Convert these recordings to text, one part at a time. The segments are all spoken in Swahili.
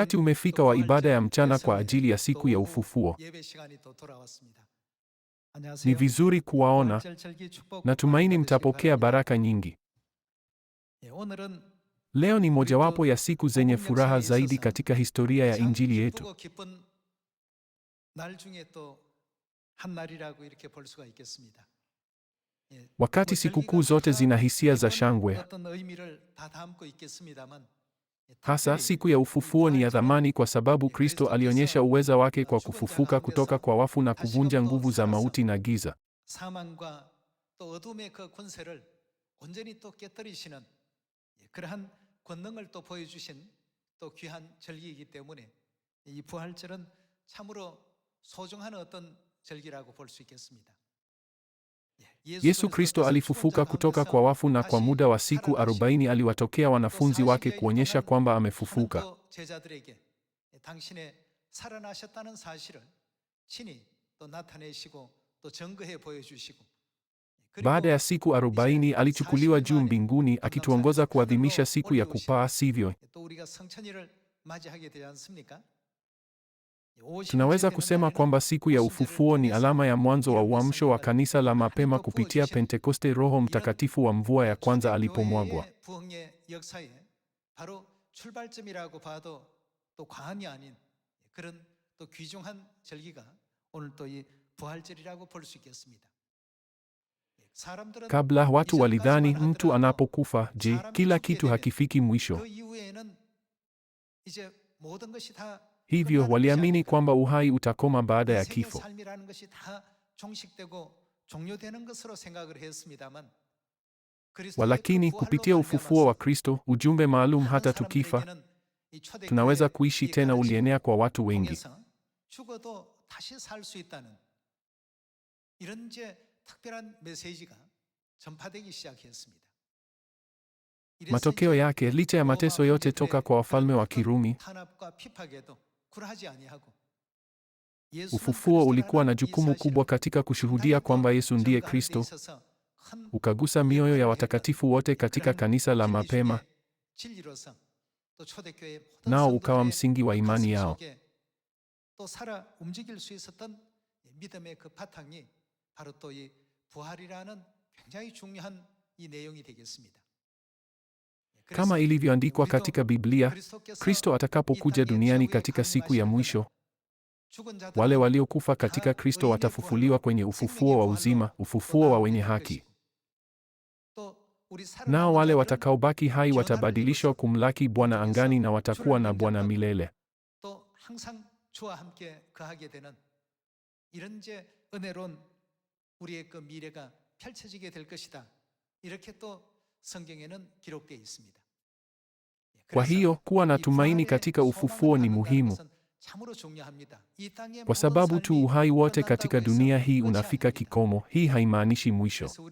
Wakati umefika wa ibada ya mchana kwa ajili ya siku ya ufufuo. Ni vizuri kuwaona. Natumaini mtapokea baraka nyingi. Leo ni mojawapo ya siku zenye furaha zaidi katika historia ya Injili yetu. Wakati sikukuu zote zina hisia za shangwe Hasa siku ya ufufuo ni ya thamani kwa sababu Kristo alionyesha uweza wake kwa kufufuka kutoka kwa wafu na kuvunja nguvu za mauti na giza. Yesu Kristo alifufuka kutoka kwa wafu na kwa muda wa siku 40 aliwatokea wanafunzi wake kuonyesha kwamba amefufuka. Baada ya siku 40 alichukuliwa juu mbinguni akituongoza kuadhimisha siku ya kupaa, sivyo? Tunaweza kusema kwamba siku ya ufufuo ni alama ya mwanzo wa uamsho wa kanisa la mapema kupitia Pentekoste, Roho Mtakatifu wa mvua ya kwanza alipomwagwa. Kabla watu walidhani mtu anapokufa, je, kila kitu hakifiki mwisho? Hivyo waliamini kwamba uhai utakoma baada ya kifo. Walakini kupitia ufufuo wa Kristo, ujumbe maalum, hata tukifa tunaweza kuishi tena, ulienea kwa watu wengi. Matokeo yake, licha ya mateso yote toka kwa wafalme wa Kirumi Ufufuo ulikuwa na jukumu kubwa katika kushuhudia kwamba Yesu ndiye Kristo. Ukagusa mioyo ya watakatifu wote katika kanisa la mapema. Nao ukawa msingi wa imani yao. Kama ilivyoandikwa katika Biblia, Kristo atakapokuja duniani katika siku ya mwisho, wale waliokufa katika Kristo watafufuliwa kwenye ufufuo wa uzima, ufufuo wa wenye haki. Nao wale watakaobaki hai watabadilishwa kumlaki Bwana angani na watakuwa na Bwana milele. 이렇게 또 성경에는 기록되어 있습니다. Kwa hiyo kuwa na tumaini katika ufufuo ni muhimu, kwa sababu tu uhai wote katika dunia hii unafika kikomo. Hii haimaanishi mwisho.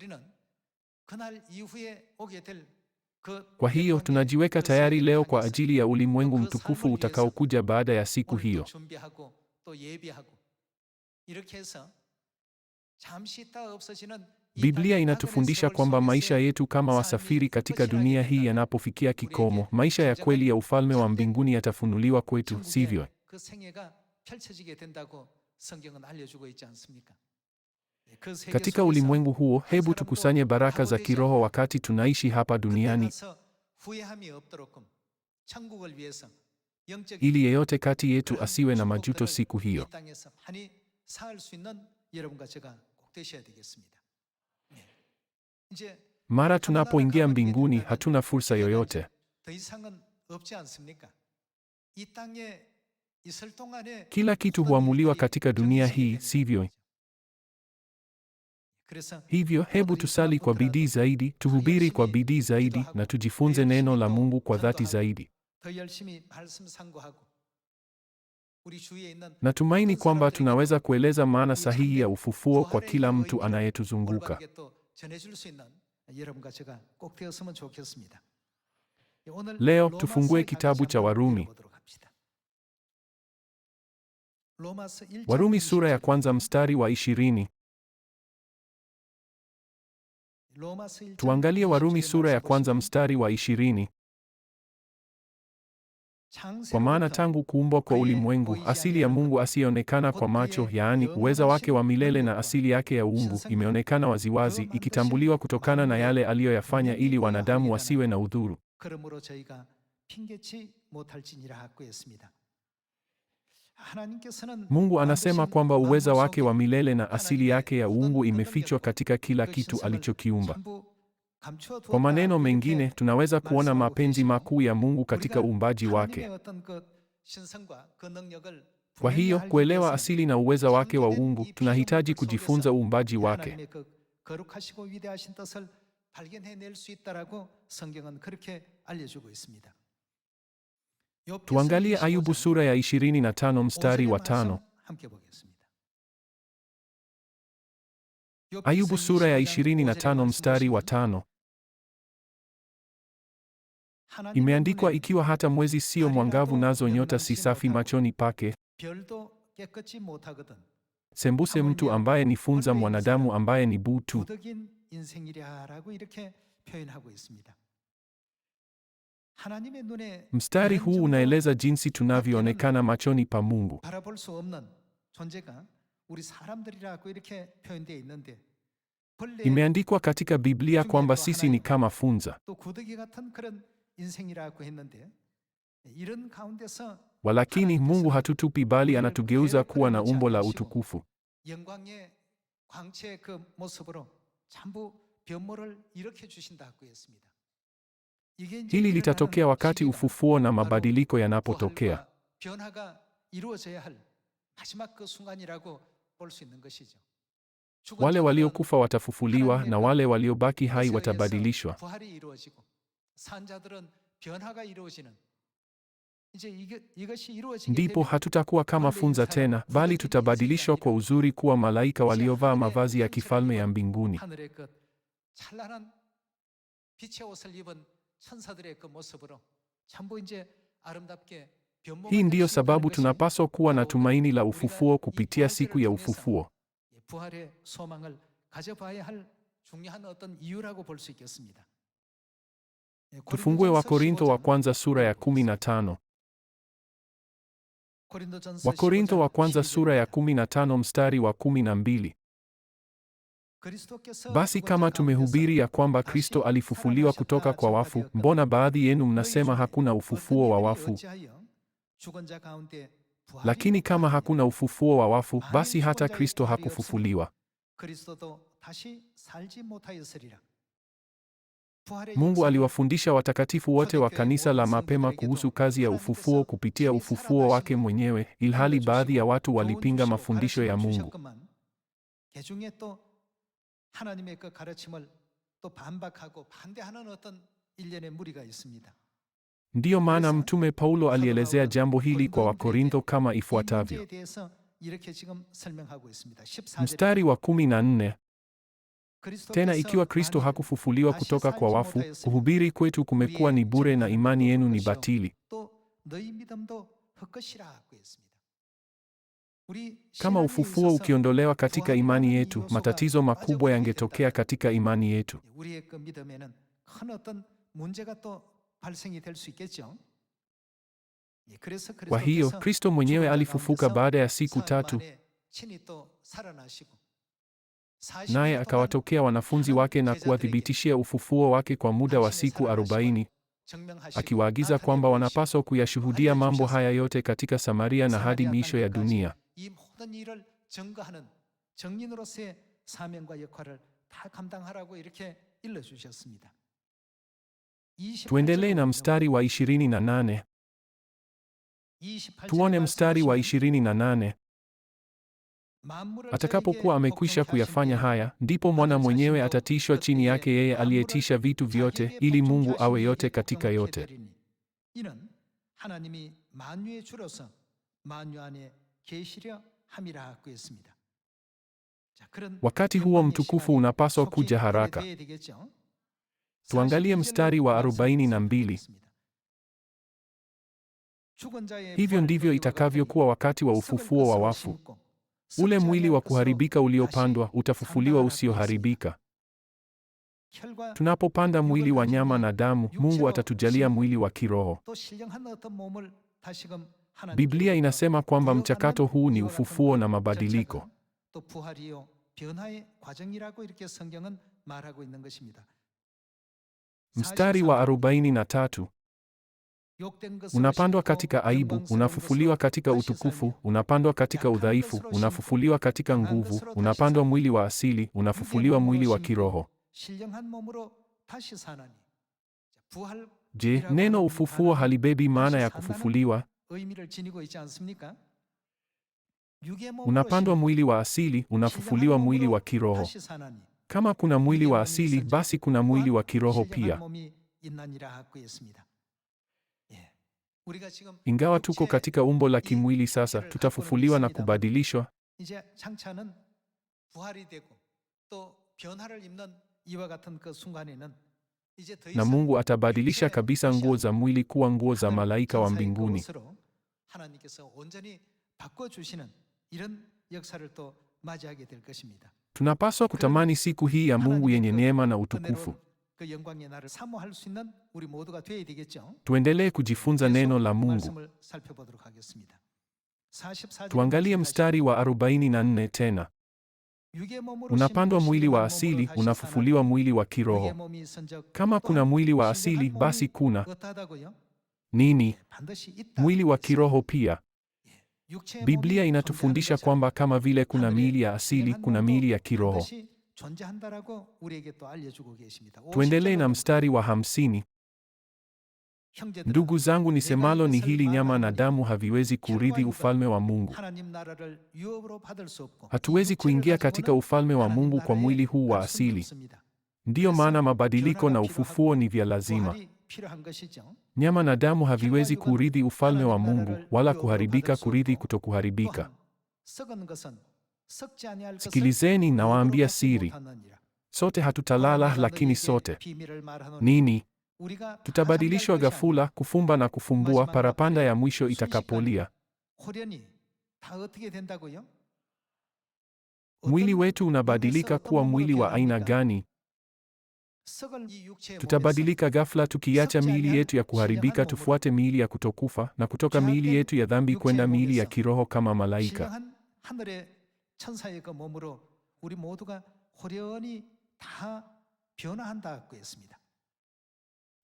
Kwa hiyo tunajiweka tayari leo kwa ajili ya ulimwengu mtukufu utakaokuja baada ya siku hiyo. Biblia inatufundisha kwamba maisha yetu kama wasafiri katika dunia hii yanapofikia kikomo, maisha ya kweli ya ufalme wa mbinguni yatafunuliwa kwetu, sivyo? Katika ulimwengu huo, hebu tukusanye baraka za kiroho wakati tunaishi hapa duniani ili yeyote kati yetu asiwe na majuto siku hiyo. Mara tunapoingia mbinguni hatuna fursa yoyote. Kila kitu huamuliwa katika dunia hii, sivyo? Hivyo hebu tusali kwa bidii zaidi, tuhubiri kwa bidii zaidi, na tujifunze neno la Mungu kwa dhati zaidi. Natumaini kwamba tunaweza kueleza maana sahihi ya ufufuo kwa kila mtu anayetuzunguka. 전해줄 수 있는 여러분과 제가 꼭 되었으면 좋겠습니다. 오늘 레오 투풍구의 기타부 자와루미 Warumi sura ya kwanza mstari wa ishirini. Tuangalie Warumi sura ya kwanza mstari wa ishirini. Kwa maana tangu kuumbwa kwa ulimwengu, asili ya Mungu asiyeonekana kwa macho, yaani uweza wake wa milele na asili yake ya uungu, imeonekana waziwazi, ikitambuliwa kutokana na yale aliyoyafanya ili wanadamu wasiwe na udhuru. Mungu anasema kwamba uweza wake wa milele na asili yake ya uungu imefichwa katika kila kitu alichokiumba. Kwa maneno mengine, tunaweza kuona mapenzi makuu ya Mungu katika uumbaji wake. Kwa hiyo, kuelewa asili na uweza wake wa uungu, tunahitaji kujifunza uumbaji wake. Tuangalie Ayubu sura ya 25 mstari wa tano. Ayubu sura ya 25 mstari wa tano. Imeandikwa, ikiwa hata mwezi sio mwangavu, nazo nyota si safi machoni pake, sembuse mtu ambaye ni funza, mwanadamu ambaye ni butu. Mstari huu unaeleza jinsi tunavyoonekana machoni pa Mungu. Imeandikwa katika Biblia kwamba sisi ni kama funza. Walakini Mungu hatutupi bali anatugeuza kuwa na umbo la utukufu. Hili litatokea wakati ufufuo na mabadiliko yanapotokea. Wale waliokufa watafufuliwa na wale waliobaki hai watabadilishwa. Ndipo hatutakuwa kama funza tena, bali tutabadilishwa kwa uzuri kuwa malaika waliovaa mavazi ya kifalme ya mbinguni. Hii ndiyo sababu tunapaswa kuwa na tumaini la ufufuo kupitia siku ya ufufuo. Tufungue Wakorintho wa kwanza sura ya 15. Wakorintho wa kwanza sura ya 15 mstari wa 12. Basi kama tumehubiri ya kwamba Kristo alifufuliwa kutoka kwa wafu, mbona baadhi yenu mnasema hakuna ufufuo wa wafu? Lakini kama hakuna ufufuo wa wafu, basi hata Kristo hakufufuliwa. Mungu aliwafundisha watakatifu wote wa kanisa la mapema kuhusu kazi ya ufufuo kupitia ufufuo wake mwenyewe, ilhali baadhi ya watu walipinga mafundisho ya Mungu. Ndiyo maana Mtume Paulo alielezea jambo hili kwa Wakorintho kama ifuatavyo. Mstari wa 14. Tena ikiwa Kristo hakufufuliwa kutoka kwa wafu, kuhubiri kwetu kumekuwa ni bure na imani yenu ni batili. Kama ufufuo ukiondolewa katika imani yetu, matatizo makubwa yangetokea katika imani yetu. Kwa hiyo Kristo mwenyewe alifufuka baada ya siku tatu, naye akawatokea wanafunzi wake na kuwathibitishia ufufuo wake kwa muda wa siku arobaini, akiwaagiza kwamba wanapaswa kuyashuhudia mambo haya yote katika Samaria na hadi miisho ya dunia. Tuendelee na mstari wa 28. Tuone mstari wa 28. Atakapokuwa amekwisha kuyafanya haya, ndipo mwana mwenyewe atatishwa chini yake yeye aliyetisha vitu vyote, ili Mungu awe yote katika yote. Wakati huo mtukufu unapaswa kuja haraka. Tuangalie mstari wa 42. Hivyo ndivyo itakavyokuwa wakati wa ufufuo wa wafu. Ule mwili wa kuharibika uliopandwa utafufuliwa usioharibika. Tunapopanda mwili wa nyama na damu, Mungu atatujalia mwili wa kiroho. Biblia inasema kwamba mchakato huu ni ufufuo na mabadiliko. Mstari wa 43. Unapandwa katika aibu, unafufuliwa katika utukufu, unapandwa katika udhaifu, unafufuliwa katika nguvu, unapandwa mwili wa asili, unafufuliwa mwili wa kiroho. Je, neno ufufuo halibebi maana ya kufufuliwa? Unapandwa mwili wa asili, unafufuliwa mwili wa kiroho. Kama kuna mwili wa asili, basi kuna mwili wa kiroho pia. Ingawa tuko katika umbo la kimwili sasa, tutafufuliwa na kubadilishwa. Na Mungu atabadilisha kabisa nguo za mwili kuwa nguo za malaika wa mbinguni. Tunapaswa kutamani siku hii ya Mungu yenye neema na utukufu. Tuendelee kujifunza neno la Mungu. Tuangalie mstari wa 44 tena. Unapandwa mwili wa asili, unafufuliwa mwili wa kiroho. Kama kuna mwili wa asili, basi kuna nini? Mwili wa kiroho pia. Biblia inatufundisha kwamba kama vile kuna miili ya asili, kuna miili ya kiroho. Tuendelee na mstari wa hamsini. Ndugu zangu, nisemalo ni hili, nyama na damu haviwezi kurithi ufalme wa Mungu. Hatuwezi kuingia katika ufalme wa Mungu kwa mwili huu wa asili. Ndiyo maana mabadiliko na ufufuo ni vya lazima. Nyama na damu haviwezi kuurithi ufalme wa Mungu, wala kuharibika kurithi kutokuharibika. Sikilizeni, nawaambia siri, sote hatutalala, lakini sote nini? Tutabadilishwa ghafula, kufumba na kufumbua, parapanda ya mwisho itakapolia. Mwili wetu unabadilika kuwa mwili wa aina gani? Tutabadilika ghafla tukiacha miili yetu ya kuharibika tufuate miili ya kutokufa na kutoka miili yetu ya dhambi kwenda miili ya kiroho kama malaika.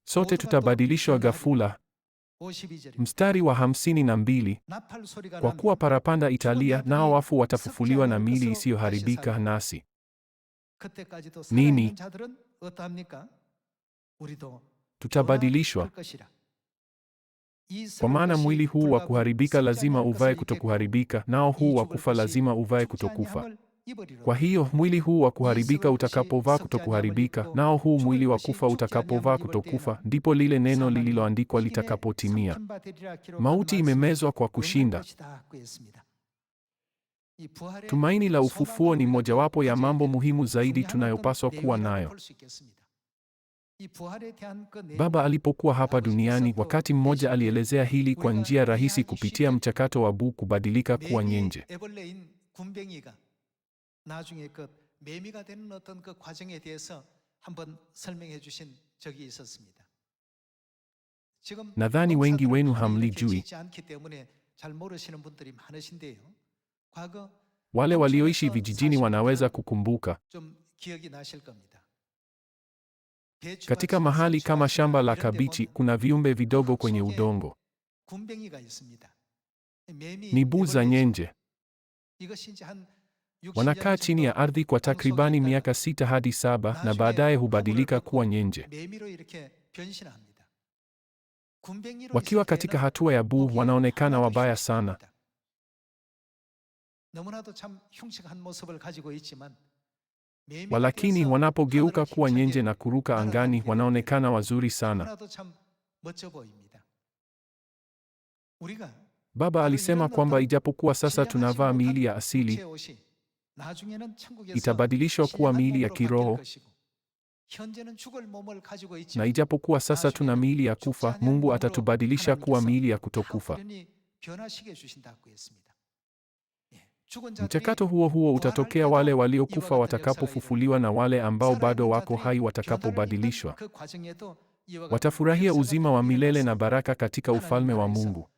Sote tutabadilishwa ghafula. Mstari wa hamsini na mbili, kwa kuwa parapanda italia, nao wafu watafufuliwa na miili isiyoharibika, nasi nini tutabadilishwa, kwa maana mwili huu wa kuharibika lazima uvae kutokuharibika, nao huu wa kufa lazima uvae kutokufa. Kwa hiyo mwili huu wa kuharibika utakapovaa kutokuharibika, nao huu mwili wa kufa utakapovaa kutokufa, ndipo lile neno lililoandikwa litakapotimia, mauti imemezwa kwa kushinda. Tumaini la ufufuo ni mojawapo ya mambo muhimu zaidi tunayopaswa kuwa nayo. Baba alipokuwa hapa duniani, wakati mmoja alielezea hili kwa njia rahisi kupitia mchakato wa Buu kubadilika kuwa nyenje. Nadhani wengi wenu hamlijui. Wale walioishi vijijini wanaweza kukumbuka. Katika mahali kama shamba la kabichi, kuna viumbe vidogo kwenye udongo. Ni buza za nyenje. Wanakaa chini ya ardhi kwa takribani miaka sita hadi saba na baadaye hubadilika kuwa nyenje. Wakiwa katika hatua ya buu, wanaonekana wabaya sana. Walakini wanapogeuka kuwa nyenje na kuruka angani wanaonekana wazuri sana. Baba alisema kwamba ijapokuwa sasa tunavaa miili ya asili, itabadilishwa kuwa miili ya kiroho. Na ijapokuwa sasa tuna miili ya kufa, Mungu atatubadilisha kuwa miili ya kutokufa. Mchakato huo huo utatokea wale waliokufa watakapofufuliwa na wale ambao bado wako hai watakapobadilishwa. Watafurahia uzima wa milele na baraka katika ufalme wa Mungu.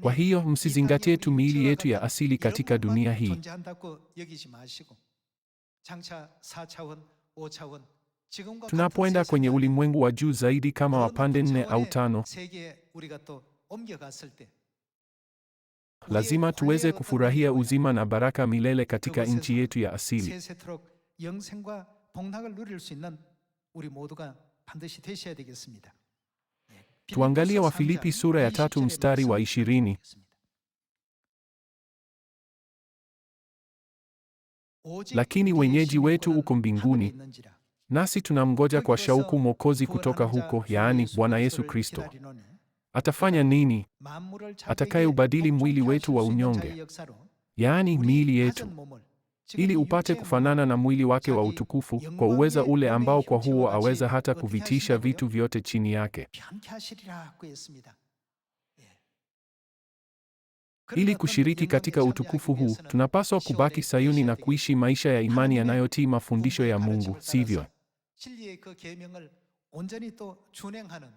Kwa hiyo msizingatie tu miili yetu ya asili katika dunia hii. Tunapoenda kwenye ulimwengu wa juu zaidi kama wapande nne au tano, lazima tuweze kufurahia uzima na baraka milele katika nchi yetu ya asili. Tuangalie Wafilipi sura ya tatu mstari wa ishirini. Lakini wenyeji wetu uko mbinguni. Nasi tunamngoja kwa shauku Mwokozi kutoka huko, yaani Bwana Yesu Kristo. Atafanya nini? Atakayeubadili mwili wetu wa unyonge, yaani miili yetu, ili upate kufanana na mwili wake wa utukufu, kwa uweza ule ambao kwa huo aweza hata kuvitisha vitu vyote chini yake. Ili kushiriki katika utukufu huu, tunapaswa kubaki Sayuni na kuishi maisha ya imani yanayotii mafundisho ya Mungu, sivyo? 진리의 그 계명을 온전히 또 준행하는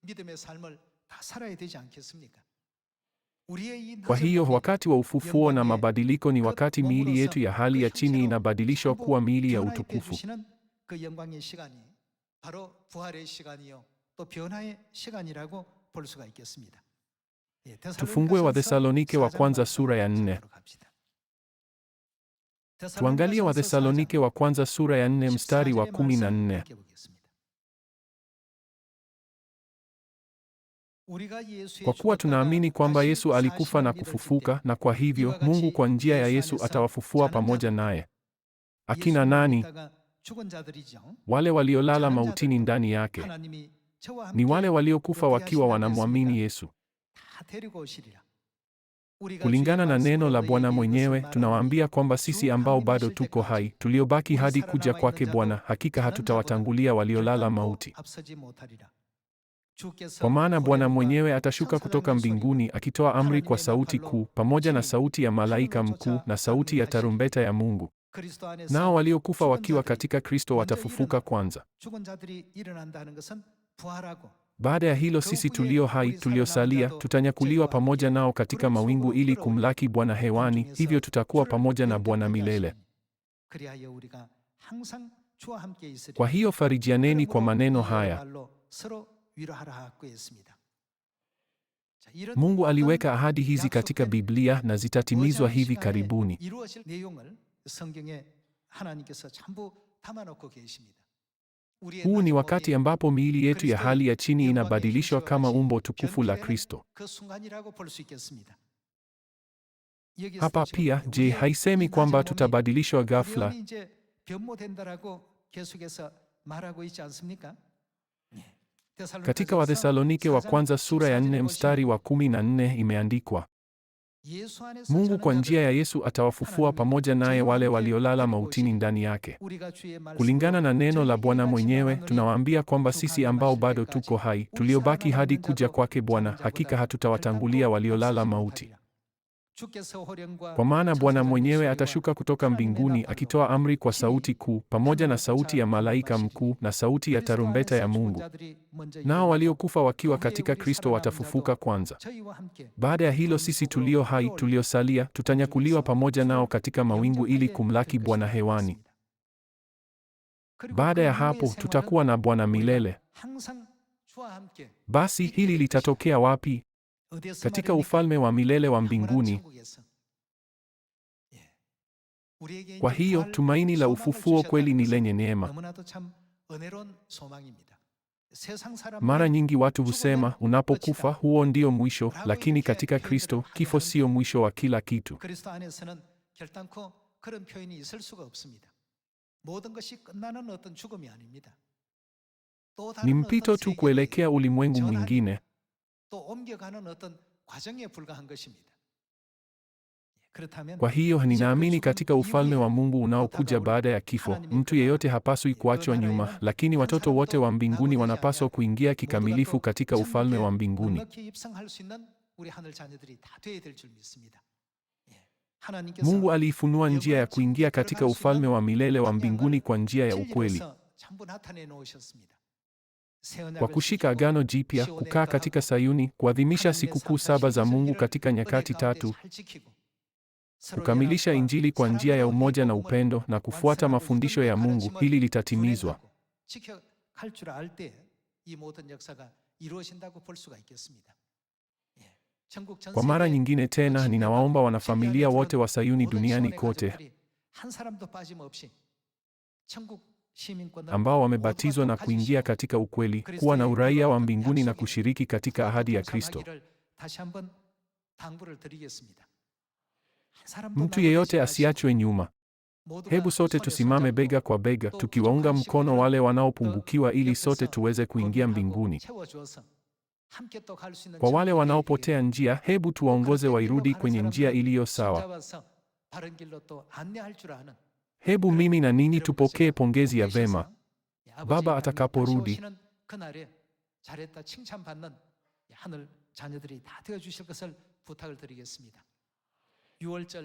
믿음의 삶을 다 살아야 되지 않겠습니까? Kwa hiyo wakati wa ufufuo na mabadiliko ni wakati miili yetu ya hali ya chini inabadilishwa kuwa miili ya utukufu. Tufungue Wathesalonike wa kwanza sura ya nne. Tuangalie Wathesalonike wa kwanza sura ya 4 mstari wa 14. Kwa kuwa tunaamini kwamba Yesu alikufa na kufufuka, na kwa hivyo Mungu kwa njia ya Yesu atawafufua pamoja naye. Akina nani? Wale waliolala mautini ndani yake. Ni wale waliokufa wakiwa wanamwamini Yesu. Kulingana na neno la Bwana mwenyewe, tunawaambia kwamba sisi ambao bado tuko hai, tuliobaki hadi kuja kwake Bwana, hakika hatutawatangulia waliolala mauti. Kwa maana Bwana mwenyewe atashuka kutoka mbinguni akitoa amri kwa sauti kuu, pamoja na sauti ya malaika mkuu na sauti ya tarumbeta ya Mungu. Nao waliokufa wakiwa katika Kristo watafufuka kwanza. Baada ya hilo sisi tulio hai tuliosalia tutanyakuliwa pamoja nao katika mawingu ili kumlaki Bwana hewani, hivyo tutakuwa pamoja na Bwana milele. Kwa hiyo farijianeni kwa maneno haya. Mungu aliweka ahadi hizi katika Biblia na zitatimizwa hivi karibuni. Huu ni wakati ambapo miili yetu ya hali ya chini inabadilishwa kama umbo tukufu la Kristo. Hapa pia, je, haisemi kwamba tutabadilishwa ghafla? Katika Wathesalonike wa kwanza sura ya 4 mstari wa 14 imeandikwa Mungu kwa njia ya Yesu atawafufua pamoja naye wale waliolala mautini ndani yake. Kulingana na neno la Bwana mwenyewe, tunawaambia kwamba sisi ambao bado tuko hai, tuliobaki hadi kuja kwake Bwana, hakika hatutawatangulia waliolala mauti. Kwa maana Bwana mwenyewe atashuka kutoka mbinguni akitoa amri kwa sauti kuu, pamoja na sauti ya malaika mkuu na sauti ya tarumbeta ya Mungu. Nao waliokufa wakiwa katika Kristo watafufuka kwanza. Baada ya hilo, sisi tulio hai tuliosalia tutanyakuliwa pamoja nao katika mawingu ili kumlaki Bwana hewani. Baada ya hapo tutakuwa na Bwana milele. Basi hili litatokea wapi? katika ufalme wa milele wa mbinguni. Kwa hiyo tumaini la ufufuo kweli ni lenye neema. Mara nyingi watu husema unapokufa huo ndio mwisho, lakini katika Kristo kifo sio mwisho wa kila kitu. Ni mpito tu kuelekea ulimwengu mwingine. 또 Kwa hiyo ninaamini katika ufalme wa Mungu unaokuja baada ya kifo. Mtu yeyote hapaswi kuachwa nyuma, lakini watoto wote wa mbinguni wanapaswa kuingia kikamilifu katika ufalme wa mbinguni. Mungu aliifunua njia ya kuingia katika ufalme wa milele wa mbinguni kwa njia ya ukweli kwa kushika agano jipya, kukaa katika Sayuni, kuadhimisha sikukuu saba za Mungu katika nyakati tatu, kukamilisha Injili kwa njia ya umoja na upendo na kufuata mafundisho ya Mungu, hili litatimizwa. Kwa mara nyingine tena, ninawaomba wanafamilia wote wa Sayuni duniani kote ambao wamebatizwa na kuingia katika ukweli, kuwa na uraia wa mbinguni na kushiriki katika ahadi ya Kristo. Mtu yeyote asiachwe nyuma. Hebu sote tusimame bega kwa bega, tukiwaunga mkono wale wanaopungukiwa, ili sote tuweze kuingia mbinguni. Kwa wale wanaopotea njia, hebu tuwaongoze wairudi kwenye njia iliyo sawa. Hebu mimi na ninyi tupokee pongezi ya vema Baba atakaporudi.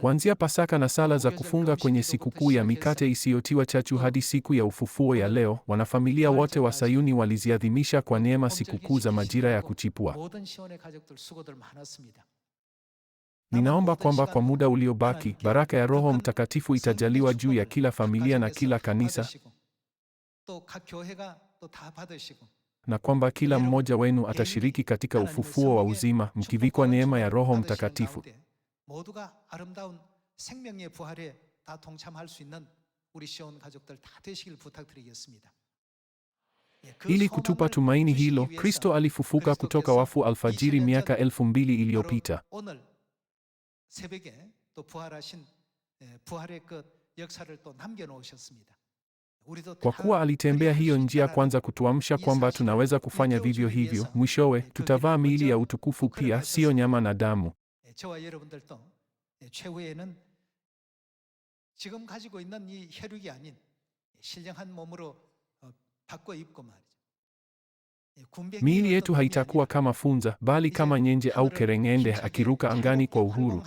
Kuanzia Pasaka na sala za kufunga kwenye sikukuu ya mikate isiyotiwa chachu hadi siku ya ufufuo ya leo, wanafamilia wote wa Sayuni waliziadhimisha kwa neema sikukuu za majira ya kuchipua. Ninaomba kwamba kwa muda uliobaki, baraka ya Roho Mtakatifu itajaliwa juu ya kila familia na kila kanisa na kwamba kila mmoja wenu atashiriki katika ufufuo wa uzima mkivikwa neema ya Roho Mtakatifu. Ili kutupa tumaini hilo, Kristo alifufuka kutoka wafu alfajiri miaka elfu mbili iliyopita. 새벽에 또 Kwa kuwa alitembea hiyo njia kwanza kutuamsha kwamba tunaweza kufanya vivyo hivyo, mwishowe tutavaa miili ya utukufu pia, siyo nyama na damu. 지금 가지고 있는 이 혈육이 아닌 신령한 몸으로 바꿔 입고 말이죠. Miili yetu haitakuwa kama funza, bali kama nyenje au kereng'ende akiruka angani kwa uhuru.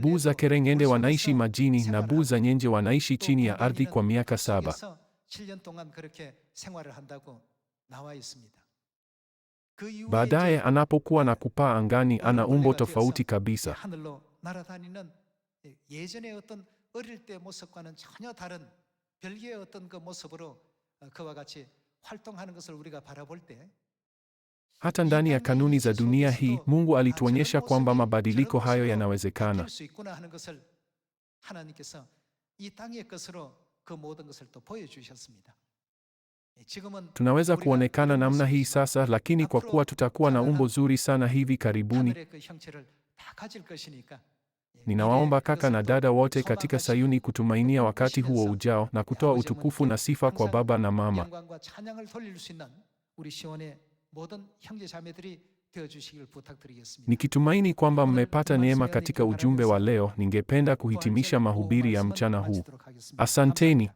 Buu za kereng'ende wanaishi majini na buu za nyenje wanaishi chini ya ardhi kwa miaka saba. Baadaye anapokuwa na kupaa angani ana umbo tofauti kabisa. 별개의 어떤 그 모습으로 그와 같이 활동하는 것을 우리가 바라볼 때 hata ndani ya kanuni za dunia hii Mungu alituonyesha kwamba mabadiliko hayo yanawezekana. Tunaweza kuonekana namna hii sasa, lakini kwa kuwa tutakuwa na umbo zuri sana hivi karibuni Ninawaomba kaka na dada wote katika Sayuni kutumainia wakati huo ujao na kutoa utukufu na sifa kwa Baba na Mama. Nikitumaini kwamba mmepata neema katika ujumbe wa leo, ningependa kuhitimisha mahubiri ya mchana huu. Asanteni.